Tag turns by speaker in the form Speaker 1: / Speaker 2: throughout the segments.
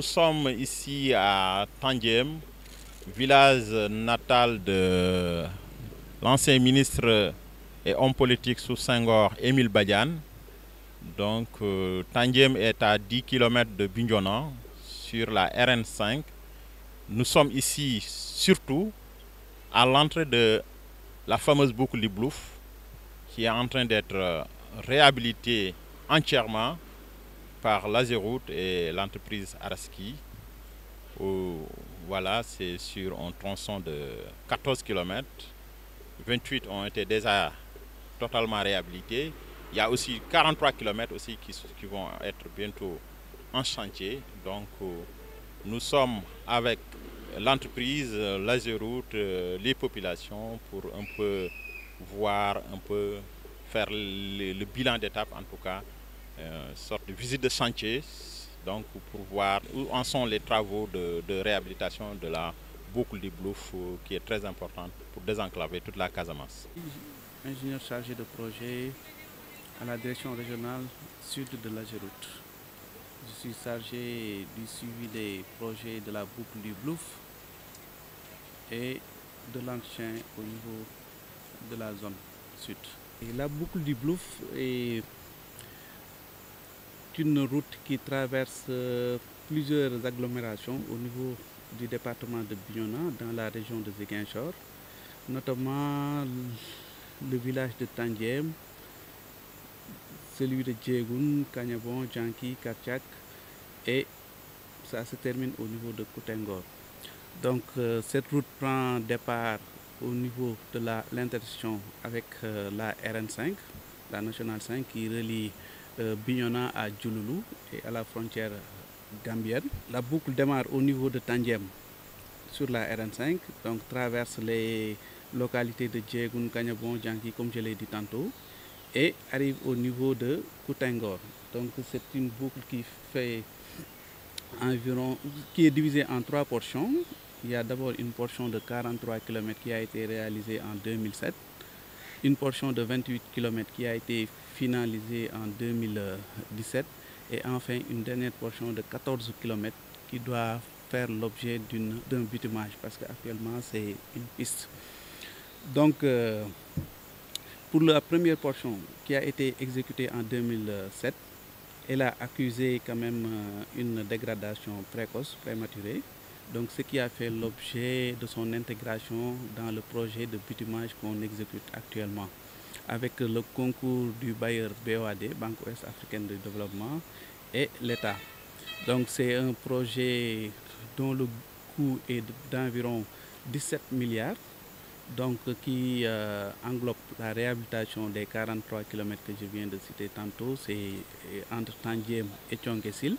Speaker 1: Nous sommes ici à Tangiem, village natal de l'ancien ministre et homme politique sous Senghor, Émile Badian. Donc, euh, est à 10 km de Bignona, sur la RN5. Nous sommes ici surtout à l'entrée de la fameuse boucle Liblouf, qui est en train d'être euh, réhabilitée entièrement par l'Azeroute et l'entreprise Araski. Où, voilà, c'est sur un tronçon de 14 km. 28 ont été déjà totalement réhabilités. Il y a aussi 43 km aussi qui, vont être bientôt en chantier. Donc, euh, nous sommes avec l'entreprise, euh, l'Azeroute, euh, les populations pour un peu voir, un peu faire le bilan d'étape en tout cas euh, sorte de visite de chantier donc pour voir où en sont les travaux de, réhabilitation de la boucle du Blouf euh, qui est très importante pour désenclaver toute la Casamance.
Speaker 2: Ingénieur chargé de projet à la direction régionale sud de la Géroute. Je suis chargé du suivi des projets de la boucle du Blouf et de l'ancien au niveau de la zone sud. Et la boucle du Blouf est une route qui traverse euh, plusieurs agglomérations au niveau du département de biona dans la région de Ziguinchor, notamment le village de Tangiem, celui de Djegoun, Kanyabon, Janki, Karchak, et ça se termine au niveau de Koutengor. Donc euh, cette route prend départ au niveau de l'intersection avec euh, la RN5, la nationale 5 qui relie euh, Bignona à Djouloulou et à la frontière gambienne. La boucle démarre au niveau de Tandjem sur la RN5, donc traverse les localités de Djegoun, Kanyabon, Djangi, comme je l'ai dit tantôt, et arrive au niveau de Koutengor. Donc c'est une boucle qui fait environ, qui est divisée en trois portions. Il y a d'abord une portion de 43 km qui a été réalisée en 2007 une portion de 28 km qui a été finalisée en 2017 et enfin une dernière portion de 14 km qui doit faire l'objet d'un bitumage parce qu'actuellement c'est une piste. Donc euh, pour la première portion qui a été exécutée en 2007, elle a accusé quand même euh, une dégradation précoce, prématurée, donc ce qui a fait l'objet de son intégration dans le projet de bitumage qu'on exécute actuellement. Avec le concours du bailleur BOAD, Banque Ouest Africaine de Développement, et l'État. Donc c'est un projet dont le coût est d'environ 17 milliards donc, qui euh, englobe la réhabilitation des 43 km que je viens de citer tantôt, c'est euh, entre Tangiem et Tchongesil,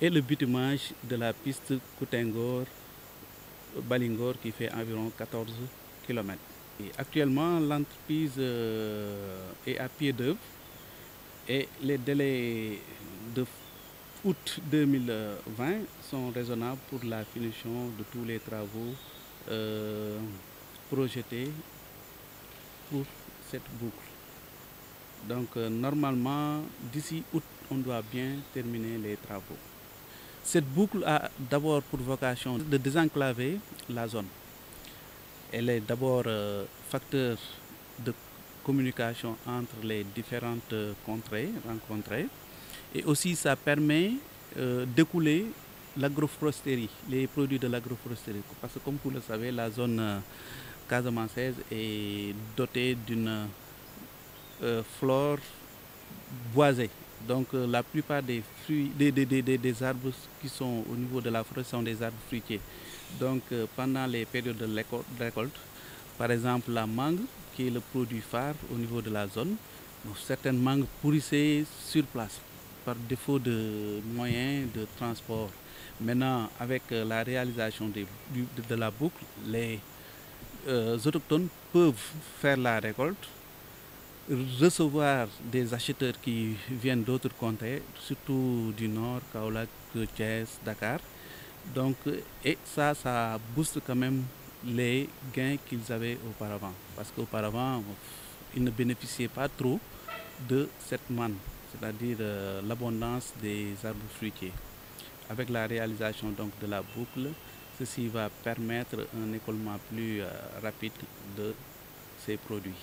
Speaker 2: et le bitumage de la piste Koutengor-Balingor qui fait environ 14 km. actuellement, l'entreprise euh, est à pied d'œuvre et les délais de août 2020 sont raisonnables pour la finition de tous les travaux projeté pour cette boucle. Donc euh, normalement, d'ici août, on doit bien terminer les travaux. Cette boucle a d'abord pour vocation de désenclaver la zone. Elle est d'abord euh, facteur de communication entre les différentes euh, contrées rencontrées et aussi ça permet euh, d'écouler l'agroforesterie, les produits de l'agroforesterie. Parce que comme vous le savez, la zone casamançaise est dotée d'une euh, flore boisée. Donc euh, la plupart des, arbres qui sont au niveau de la forêt sont des arbres fruitiers. Donc euh, pendant les périodes de récolte, par exemple la mangue, qui est le produit phare au niveau de la zone, certaines mangues pourrissaient sur place par défaut de moyens de transport. Maintenant, avec la réalisation de la boucle, les euh, les autochtones peuvent faire la récolte, recevoir des acheteurs qui viennent d'autres comtés, surtout du nord, Kaolak, Thiès, Dakar. et ça, ça booste quand même les gains qu'ils avaient auparavant. Parce qu'auparavant, ils ne bénéficiaient pas trop de cette manne, c'est-à-dire euh, l'abondance des arbres fruitiers. Avec la réalisation donc de la boucle, Ceci va permettre un écoulement plus euh, rapide de ces produits.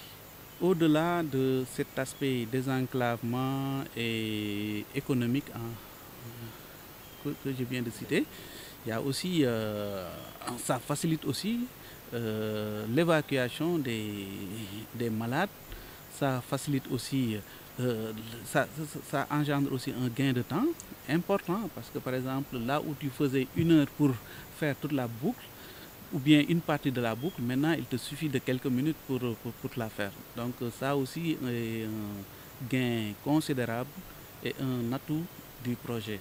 Speaker 2: Au-delà de cet aspect désenclavement et économique hein, que, je viens de citer, il y a aussi, euh, ça facilite aussi euh, l'évacuation des, malades, ça facilite aussi, ça, engendre aussi un gain de temps important parce que par exemple là où tu faisais une heure pour toute la boucle ou bien une partie de la boucle. Maintenant, il te suffit de quelques minutes pour, pour, la faire. Donc euh, ça aussi est un gain considérable et un atout du projet.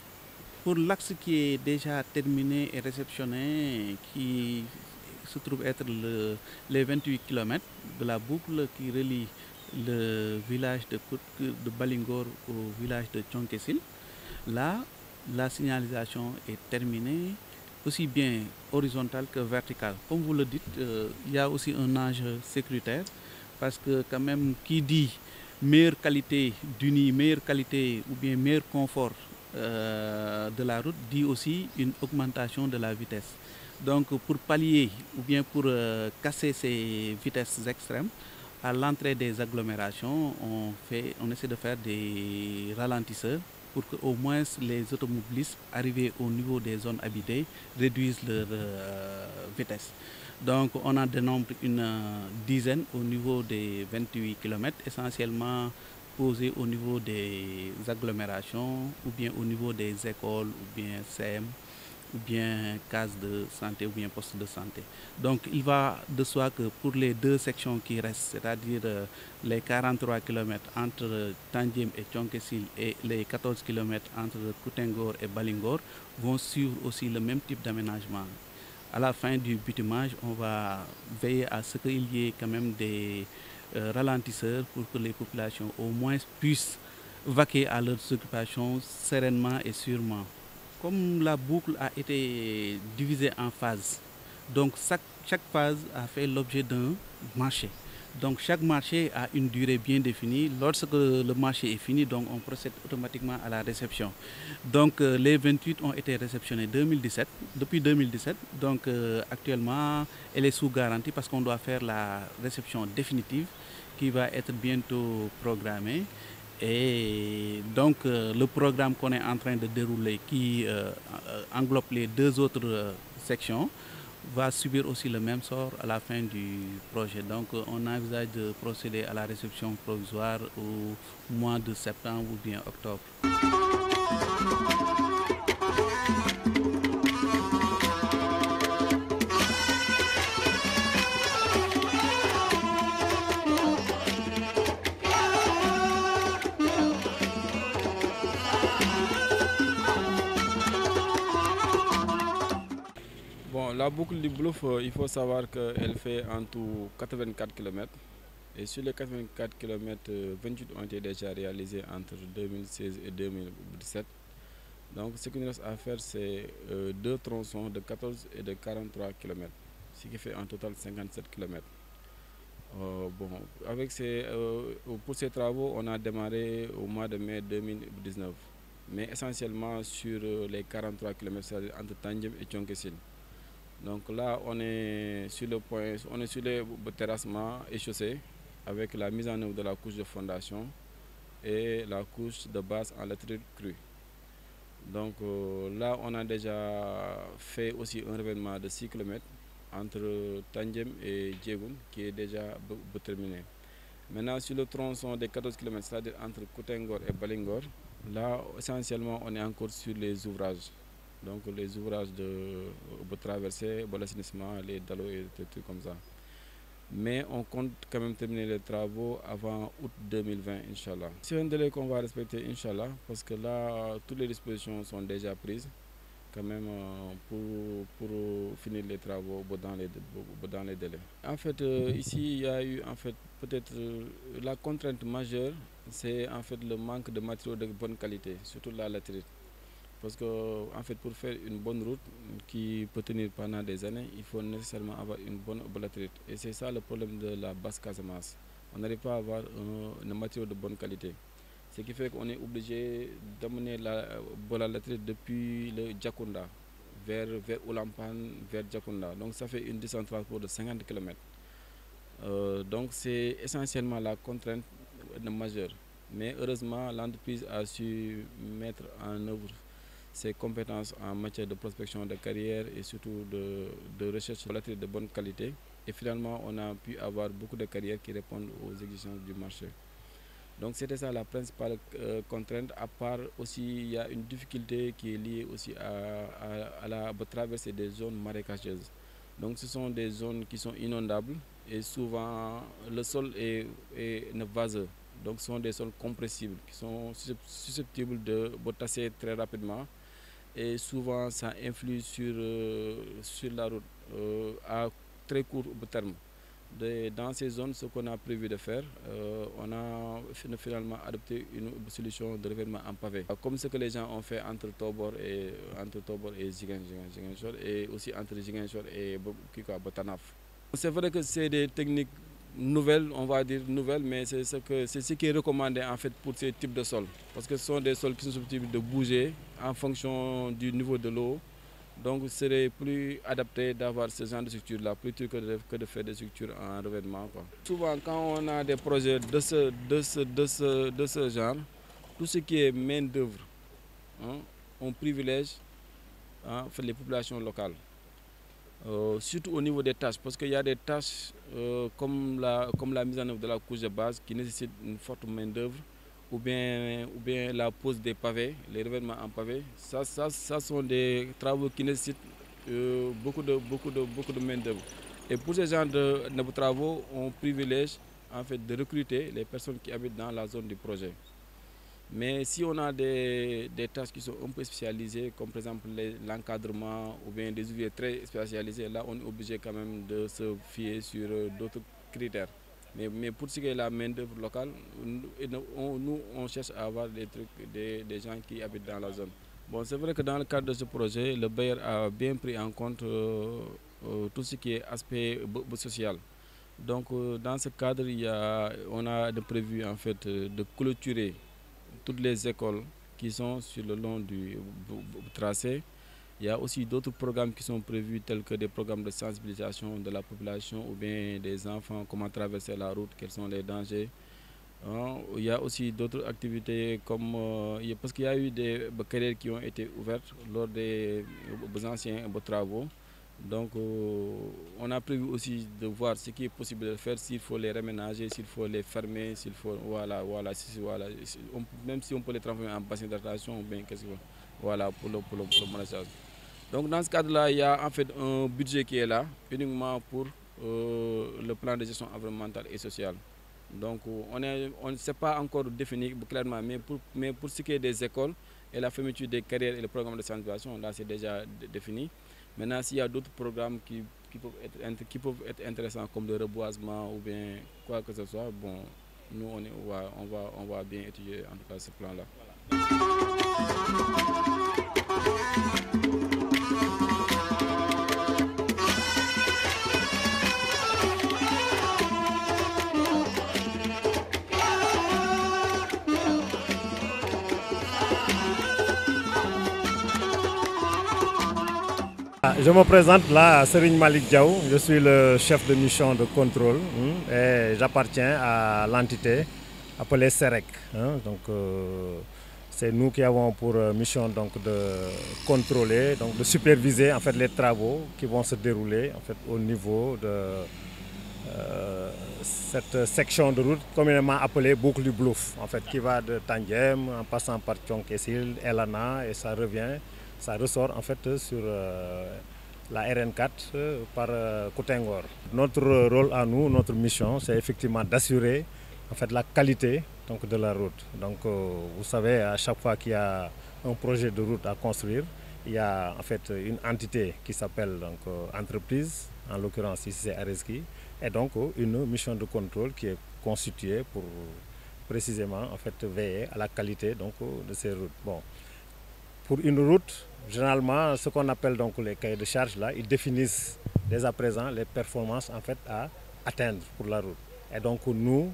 Speaker 2: Pour l'axe qui est déjà terminé et réceptionné, qui se trouve être les 28 km de la boucle qui relie le village de, de Balingor au village de Tchonkessil. Là, la signalisation est terminée, aussi bien horizontal que vertical. Comme vous le dites, euh, il y a aussi un enjeu sécuritaire parce que quand même qui dit meilleure qualité du nid, meilleure qualité ou bien meilleur confort euh, de la route dit aussi une augmentation de la vitesse. Donc pour pallier ou bien pour euh, casser ces vitesses extrêmes, à l'entrée des agglomérations, on, fait, on essaie de faire des ralentisseurs pour qu'au moins les automobilistes arrivés au niveau des zones habitées réduisent leur euh, vitesse. Donc on en dénombre une euh, dizaine au niveau des 28 km, essentiellement posés au niveau des agglomérations ou bien au niveau des écoles ou bien CM ou bien cases de santé ou bien poste de santé. Donc il va de soi que pour les deux sections qui restent, c'est-à-dire euh, les 43 km entre Tanjim et Tchonkessil et les 14 km entre Koutengor et Balingor, vont suivre aussi le même type d'aménagement. À la fin du bitumage on va veiller à ce qu'il y ait quand même des euh, ralentisseurs pour que les populations au moins puissent vaquer à leurs occupations sereinement et sûrement. Comme la boucle a été divisée en phases, donc chaque, phase a fait l'objet d'un marché. Donc chaque marché a une durée bien définie. Lorsque le marché est fini, donc on procède automatiquement à la réception. Donc euh, les 28 ont été réceptionnés 2017, depuis 2017. Donc euh, actuellement, elle est sous garantie parce qu'on doit faire la réception définitive qui va être bientôt programmée. Et donc euh, le programme qu'on est en train de dérouler, qui euh, euh, englobe les deux autres sections, va subir aussi le même sort à la fin du projet. Donc on envisage de procéder à la réception provisoire au mois de septembre ou bien octobre.
Speaker 3: la boucle du bluff, euh, il faut savoir qu'elle fait en tout 84 km. Et sur les 84 km, 28 ont été déjà réalisés entre 2016 et 2017. Donc ce qu'il nous reste à faire, c'est euh, deux tronçons de 14 et de 43 km, ce qui fait en total 57 km. Euh, bon, avec pour ces travaux, on a démarré au mois de mai 2019, mais essentiellement sur les 43 km, entre Tangiem et Tchonkessin. Donc là, on est sur le point, on est sur terrassement échaussé avec la mise en œuvre de la couche de fondation et la couche de base en lettres crue. Donc euh, là, on a déjà fait aussi un revêtement de 6 km entre Tandjem et Djegoum qui est déjà terminé. Maintenant, sur le tronçon des 14 km, c'est-à-dire entre Koutengor et Balingor, là, essentiellement, on est encore sur les ouvrages donc les ouvrages de, traverser, traversée, l'assainissement, les dallos et tout, comme ça. Mais on compte quand même terminer les travaux avant août 2020, Inch'Allah. C'est un délai qu'on va respecter, Inch'Allah, parce que là, toutes les dispositions sont déjà prises, quand même, euh, pour, finir les travaux dans les, dans les délais. En fait, euh, ici, il y a eu, en fait, peut-être euh, la contrainte majeure, c'est en fait le manque de matériaux de bonne qualité, surtout la latérite. Parce que en fait, pour faire une bonne route qui peut tenir pendant des années, il faut nécessairement avoir une bonne oblatérite. Et c'est ça le problème de la basse casemasse On n'arrive pas à avoir une matière de bonne qualité. Ce qui fait qu'on est obligé d'amener la bolalatérite euh, depuis le Djakunda vers, vers vers Djakunda. Donc ça fait une descente de 50 km. Euh, donc c'est essentiellement la contrainte majeure. Mais heureusement, l'entreprise a su mettre en œuvre ses compétences en matière de prospection de carrière et surtout de, de recherche volatile de bonne qualité. Et finalement, on a pu avoir beaucoup de carrières qui répondent aux exigences du marché. Donc c'était ça la principale euh, contrainte, à part aussi, il y a une difficulté qui est liée aussi à, à, la traversée des zones marécageuses. Donc ce sont des zones qui sont inondables et souvent le sol est, est vaseux. Donc ce sont des sols compressibles qui sont susceptibles de botasser très rapidement et souvent ça influe sur, euh, sur la route euh, à très court terme. dans ces zones, ce qu'on a prévu de faire, euh, on a finalement adopté une solution de revêtement en pavé, comme ce que les gens ont fait entre Tobor et entre Tobor et et aussi entre Zigenchor et Kikwa Botanaf. C'est vrai que c'est des techniques nouvelle, on va dire nouvelle, mais c'est ce, que, ce qui est recommandé en fait pour ce types de sol. Parce que ce sont des sols qui sont susceptibles de bouger en fonction du niveau de l'eau. Donc il serait plus adapté d'avoir ce genre de structure-là plutôt que de, faire des structures en revêtement. Souvent quand on a des projets de ce, de ce, genre, tout ce qui est main-d'œuvre, hein, on privilège hein, les populations locales. Euh, surtout au niveau des tâches, parce qu'il y a des tâches euh, comme, la, mise en œuvre de la couche de base qui nécessite une forte main-d'œuvre, ou bien, la pose des pavés, les revêtements en pavés. Ça, ça, sont des travaux qui nécessitent euh, beaucoup de, beaucoup de, beaucoup de main-d'œuvre. Et pour ces genre de, travaux, on privilège en fait, de recruter les personnes qui habitent dans la zone du projet. Mais si on a des, des, tâches qui sont un peu spécialisées, comme par exemple l'encadrement ou bien des ouvriers très spécialisés, là on est obligé quand même de se fier sur euh, d'autres critères. Mais, mais, pour ce qui est de la main-d'œuvre locale, nous on cherche à avoir des, trucs, des, des gens qui habitent dans la zone. Bon, c'est vrai que dans le cadre de ce projet, le Bayer a bien pris en compte euh, euh, tout ce qui est aspect social. Donc, dans ce cadre, il y a, on a prévu en fait de clôturer toutes les écoles qui sont sur le long du tracé. Il y a aussi d'autres programmes qui sont prévus, tels que des programmes de sensibilisation de la population ou bien des enfants, comment traverser la route, quels sont les dangers. Hein, il y a aussi d'autres activités comme euh, parce qu'il y a eu des carrières qui ont été ouvertes lors des euh, anciens travaux. Donc, euh, on a prévu aussi de voir ce qui est possible de faire, s'il faut les reménager, s'il faut les fermer, s'il Voilà, même si on peut les transformer en bassin d'attraction, bien, quest Voilà, pour le, pour Donc, dans ce cadre-là, il y a en fait un budget qui est là, uniquement pour euh, le plan de gestion environnementale et sociale. Donc, euh, on ne on sait pas encore défini clairement, mais pour, mais pour ce qui est des écoles et la fermeture des carrières et le programme de sensibilisation, là, c'est déjà défini. Maintenant, s'il y a d'autres programmes qui, peuvent être, intéressants, comme le reboisement ou bien quoi que ce soit, bon, nous, on, va, on, va, bien étudier en tout cas ce plan-là.
Speaker 4: Je me présente là, Serigne Malik Diaw, je suis le chef de mission de contrôle hein, et j'appartiens à l'entité appelée SEREC. Hein. donc euh, c'est nous qui avons pour euh, mission donc de contrôler, donc de superviser en fait les travaux qui vont se dérouler en fait au niveau de euh, cette section de route communément appelée boucle du Blouf, en fait qui va de Tandjem en passant par Tionkesil, Elana et ça revient ça ressort en fait sur euh, la RN4 euh, par Cotengor. Euh, notre rôle à nous, notre mission, c'est effectivement d'assurer en fait la qualité donc, de la route. Donc vous savez, à chaque fois qu'il y a un projet de route à construire, il y a en fait une entité qui s'appelle donc entreprise, en l'occurrence ici c'est Areski, et donc une mission de contrôle qui est constituée pour précisément en fait veiller à la qualité donc de ces routes. Bon, pour une route Généralement, ce qu'on appelle donc les cahiers de charge, là, ils définissent dès à présent les performances en fait, à atteindre pour la route. Et donc nous,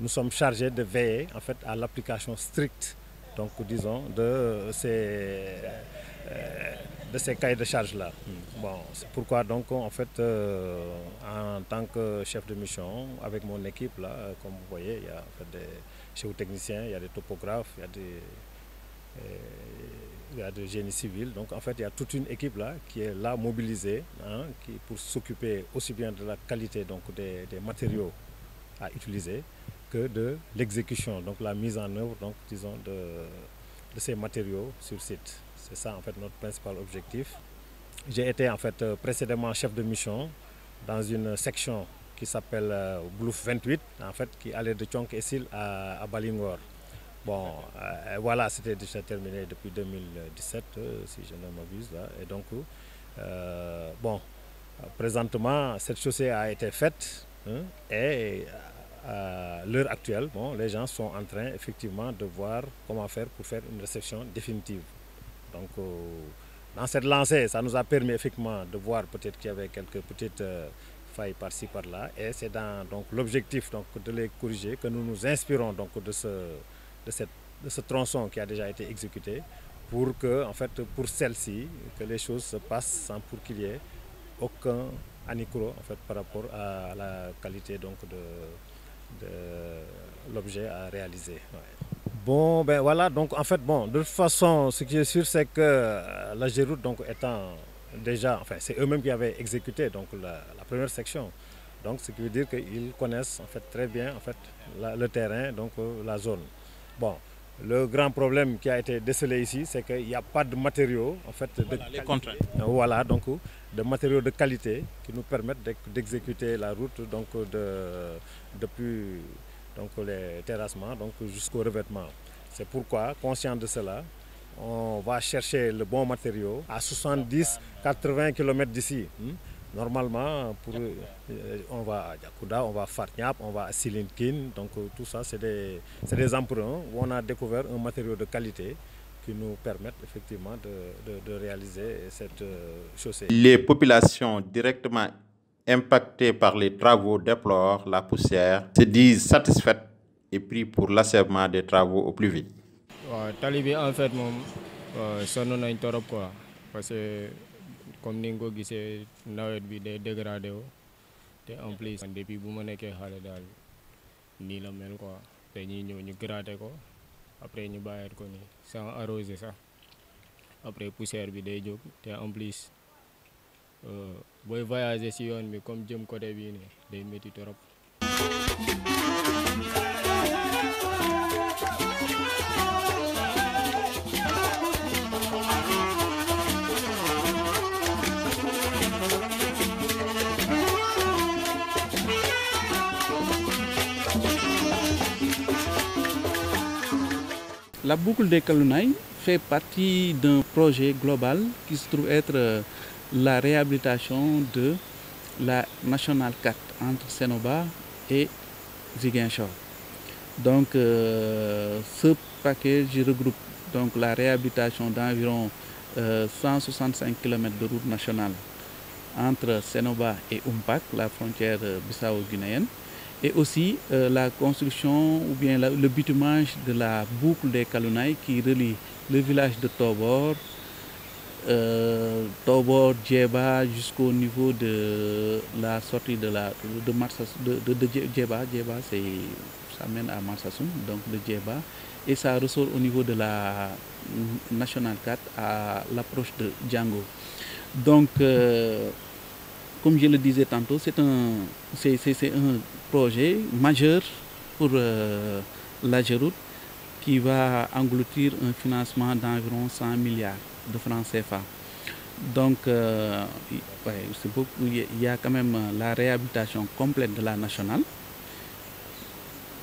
Speaker 4: nous sommes chargés de veiller en fait, à l'application stricte donc, disons, de ces, euh, de ces cahiers de charges-là. Hmm. Bon, c'est pourquoi donc, en fait, euh, en tant que chef de mission, avec mon équipe, là, euh, comme vous voyez, il y a en fait, des géotechniciens, il y a des topographes, il y a des il y a génie civil Donc en fait, il y a toute une équipe là qui est là mobilisée hein, qui, pour s'occuper aussi bien de la qualité donc, des, matériaux à utiliser que de l'exécution, donc la mise en œuvre, donc, disons, de, ces matériaux sur site. C'est ça en fait notre principal objectif. J'ai été en fait euh, précédemment chef de mission dans une section qui s'appelle Blouf euh, 28, en fait, qui allait de Tchonk Essil à, à Balingor. Bon, euh, voilà, c'était déjà terminé depuis 2017, euh, si je ne m'abuse. Là. Et donc, euh, bon, présentement, cette chaussée a été faite hein, et à l'heure actuelle, bon, les gens sont en train effectivement de voir comment faire pour faire une réception définitive. Donc, dans cette lancée, ça nous a permis effectivement de voir peut-être qu'il y avait quelques petites failles par-ci par-là. Et c'est dans donc, l'objectif donc, de les corriger que nous nous inspirons donc, de ce de, cette, ce tronçon qui a déjà été exécuté pour que, en fait, pour celle-ci, que les choses se passent sans pour qu'il y ait aucun anicro en fait, par rapport à la qualité donc, de, l'objet à réaliser. Bon, ben voilà, donc en fait, bon, de toute façon, ce qui est sûr, c'est que euh, la Géroute, donc, étant déjà, enfin, c'est eux-mêmes qui avaient exécuté donc, la, première section. Donc, ce qui veut dire qu'ils connaissent en fait très bien en fait le terrain, donc euh, la zone. Bon, le grand problème qui a été décelé ici, c'est qu'il n'y a pas de matériaux, en fait, de euh, donc de matériaux de qualité qui nous permettent d'exécuter la route donc de, depuis donc les terrassements donc jusqu'au revêtement. C'est pourquoi, conscient de cela, on va chercher le bon matériau à 70-80 km d'ici. Hein. Normalement, pour euh, on va à Yakuda, on va à Farniap, on va à Silinkin. Donc euh, tout ça, c'est des, des emprunts où on a découvert un matériau de qualité qui nous permettent effectivement de, de, réaliser cette euh, chaussée. Les
Speaker 1: populations directement impactées par les travaux déplorent la poussière, se disent satisfaites et prient pour l'achèvement des travaux au plus vite. Ouais,
Speaker 3: en fait, comme ni nga ko gisee nawet bi dee dégradé wu te en plus depuis bu ma nekkee xale daal nii la mel quoi dañuy ñëw ñu gratter ko après ñu bàyyeet ko ni sans arroser sax après poussière bi day jóg te en plus euh, booy voyager si yoon bi comme jëm côté bii nii day métti trop.
Speaker 2: La boucle des Kalounaï fait partie d'un projet global qui se trouve être euh, la réhabilitation de la Nationale 4 entre Senoba et Ziguinchor. Donc euh, ce paquet regroupe donc, la réhabilitation d'environ 165 euh, km de route nationale entre Senoba et Umpak, la frontière bissau-guinéenne et aussi euh, la construction ou bien le bitumage de la boucle des Kalounaï qui relie le village de Tobor, euh, Tobor, Djeba jusqu'au niveau de la sortie de la de, Marsas, de, Djeba, c'est ça mène à Marsasum, donc de Djeba, et ça ressort au niveau de la National 4 à l'approche de Django. Donc, euh, comme je le disais tantôt, c'est un, c'est, un projet majeur pour euh, la Géroute qui va engloutir un financement d'environ 100 milliards de francs CFA. Donc, euh, il y a quand même euh, la réhabilitation complète de la nationale,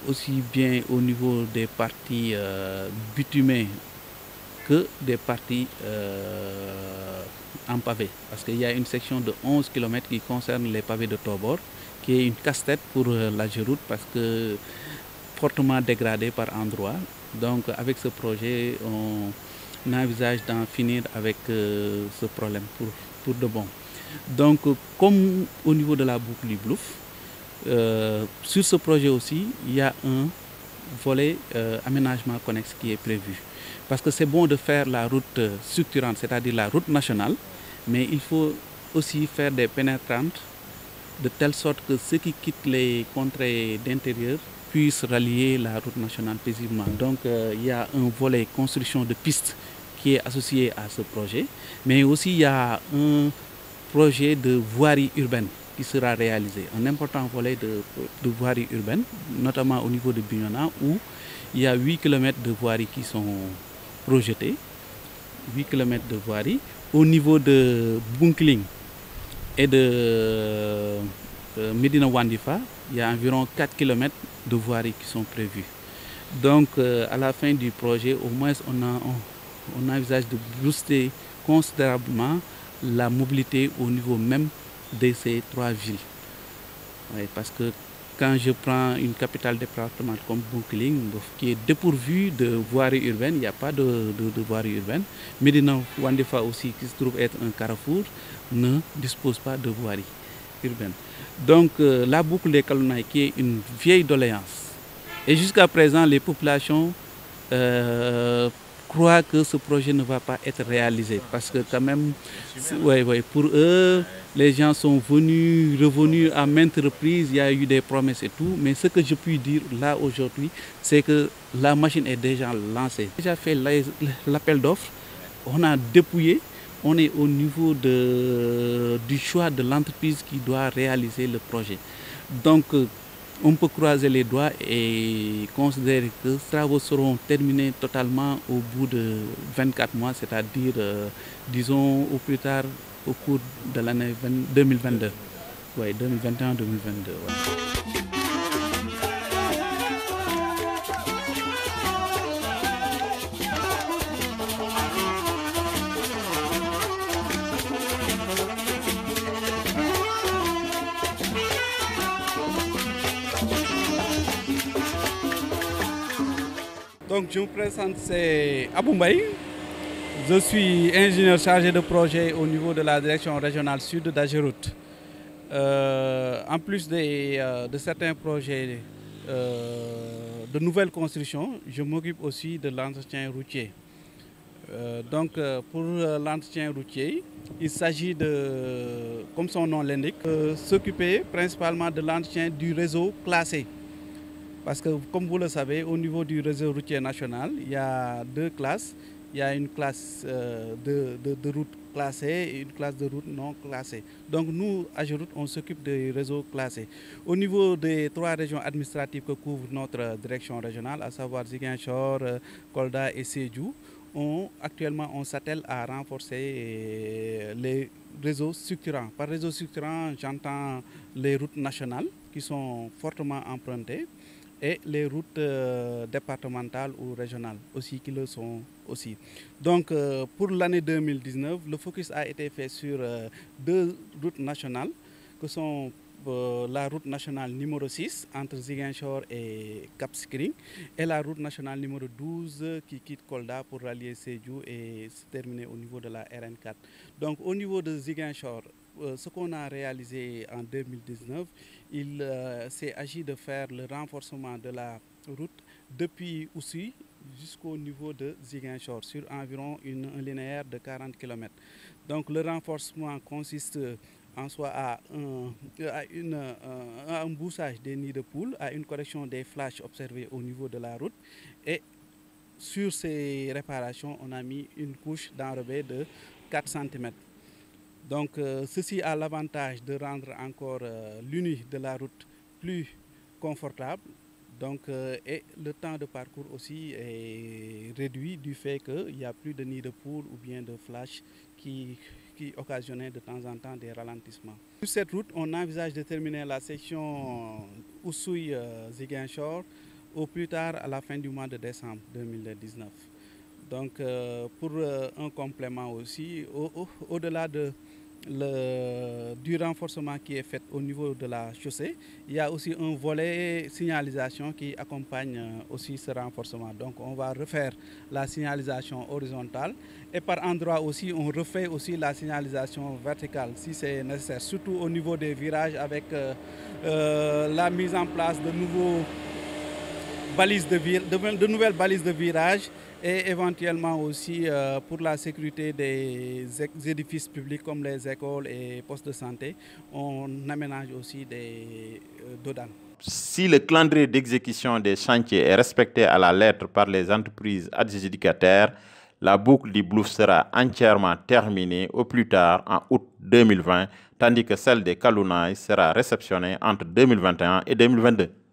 Speaker 2: aussi bien au niveau des parties bitumées que des parties en pavé. Parce qu'il y a une section de 11 km qui concerne les pavés de Tobor qui est une casse-tête pour euh, la géroute parce que fortement dégradé par endroit. Donc avec ce projet, on envisage d'en finir avec euh, ce problème pour, pour de bon. Donc comme au niveau de la boucle du Blouf, euh, sur ce projet aussi, il y a un volet aménagement connexe qui est prévu. Parce que c'est bon de faire la route structurante, c'est-à-dire la route nationale, mais il faut aussi faire des pénétrantes de telle sorte que ceux qui quittent les contrées d'intérieur puissent rallier la route nationale paisiblement. Donc euh, il y a un volet construction de pistes qui est associé à ce projet, mais aussi il y a un projet de voirie urbaine qui sera réalisé, un important volet de, de voirie urbaine, notamment au niveau de Bignona, où il y a 8 km de voirie qui sont projetés, 8 km de voirie. Au niveau de Bunkling, et de euh, euh, Medina Wandifa, il y a environ 4 km de voiries qui sont prévues. Donc euh, à la fin du projet, au moins on, a, envisage de booster considérablement la mobilité au niveau même de ces trois villes. parce que quand je prends une capitale départementale comme Boukling, qui est dépourvue de voirie urbaine, il n'y a pas de, de, de voirie urbaine, Medina Wandefa aussi, qui se trouve être un carrefour, ne dispose pas de voirie urbaine. Donc euh, la boucle des Kalunai, qui est une vieille doléance, et jusqu'à présent, les populations euh, croient que ce projet ne va pas être réalisé. Parce que quand même, ouais, pour eux, les gens sont venus, revenus à maintes reprises, il y a eu des promesses et tout. Mais ce que je puis dire là aujourd'hui, c'est que la machine est déjà lancée. Déjà fait l'appel d'offres, on a dépouillé, on est au niveau de, du choix de l'entreprise qui doit réaliser le projet. Donc, euh, on peut croiser les doigts et considérer que les travaux seront terminés totalement au bout de 24 mois, c'est-à-dire, euh, disons, au plus tard, au cours de l'année 2022. Oui, 2021-2022. Donc je me présente, c'est Aboumbaï. Je suis ingénieur chargé de projet au niveau de la direction régionale sud d'Ageroute. Euh, en plus euh, de certains projets euh, de nouvelles constructions, je m'occupe aussi de l'entretien routier. donc pour l'entretien routier, il s'agit de, comme son nom l'indique, s'occuper principalement de l'entretien du réseau classé. Parce que, comme vous le savez, au niveau du réseau routier national, il y a deux classes. Il y a une classe euh, de, routes classées et une classe de routes non classées. Donc nous, à Géroute, on s'occupe des réseaux classés. Au niveau des trois régions administratives que couvre notre direction régionale, à savoir Ziguinchor, euh, Kolda et Sédhiou, actuellement, on s'attelle à renforcer euh, les réseaux structurants. Par réseau structurant, j'entends les routes nationales qui sont fortement empruntées et les routes euh, départementales ou régionales aussi qui le sont aussi. Donc euh, pour l'année 2019, le focus a été fait sur euh, deux routes nationales que sont la route nationale numéro 6 entre Ziguinchor et Cap et la route nationale numéro 12 qui quitte Kolda pour rallier Sejou et se terminer au niveau de la RN4. Donc au niveau de Ziguinchor, euh, ce qu'on a réalisé en 2019, il euh, s'est agi de faire le renforcement de la route depuis Oussi jusqu'au niveau de Ziguinchor sur environ une, linéaire de 40 km. Donc le renforcement consiste en soi à un, euh, boussage des nids de poules, à une correction des flashs observés au niveau de la route et sur ces réparations, on a mis une couche d'enrobé de 4 cm. Donc euh, ceci a l'avantage de rendre encore euh, de la route plus confortable. Donc, euh, et le temps de parcours aussi est réduit du fait qu'il n'y a plus de nid de poule ou bien de flash qui, qui de temps en temps des ralentissements. Sur cette route, on envisage de terminer la section Oussouy-Ziguinchor euh, au plus tard à la fin du mois de décembre 2019. Donc, pour un complément aussi, au-delà au, de le, du renforcement qui est fait au niveau de la chaussée. Il y a aussi un volet signalisation qui accompagne euh, aussi ce renforcement. Donc on va refaire la signalisation horizontale et par endroit aussi on refait aussi la signalisation verticale si c'est nécessaire, surtout au niveau des virages avec euh, euh, la mise en place de nouveaux balises de, nouvelles balises de virage et éventuellement aussi euh, pour la sécurité des édifices publics comme les écoles et postes de santé, on aménage aussi des euh, dodanes.
Speaker 1: Si le calendrier d'exécution des chantiers est respecté à la lettre par les entreprises adjudicataires, la boucle du Blouf sera entièrement terminée au plus tard en août 2020, tandis que celle des Kalounaï sera réceptionnée entre 2021 et 2022.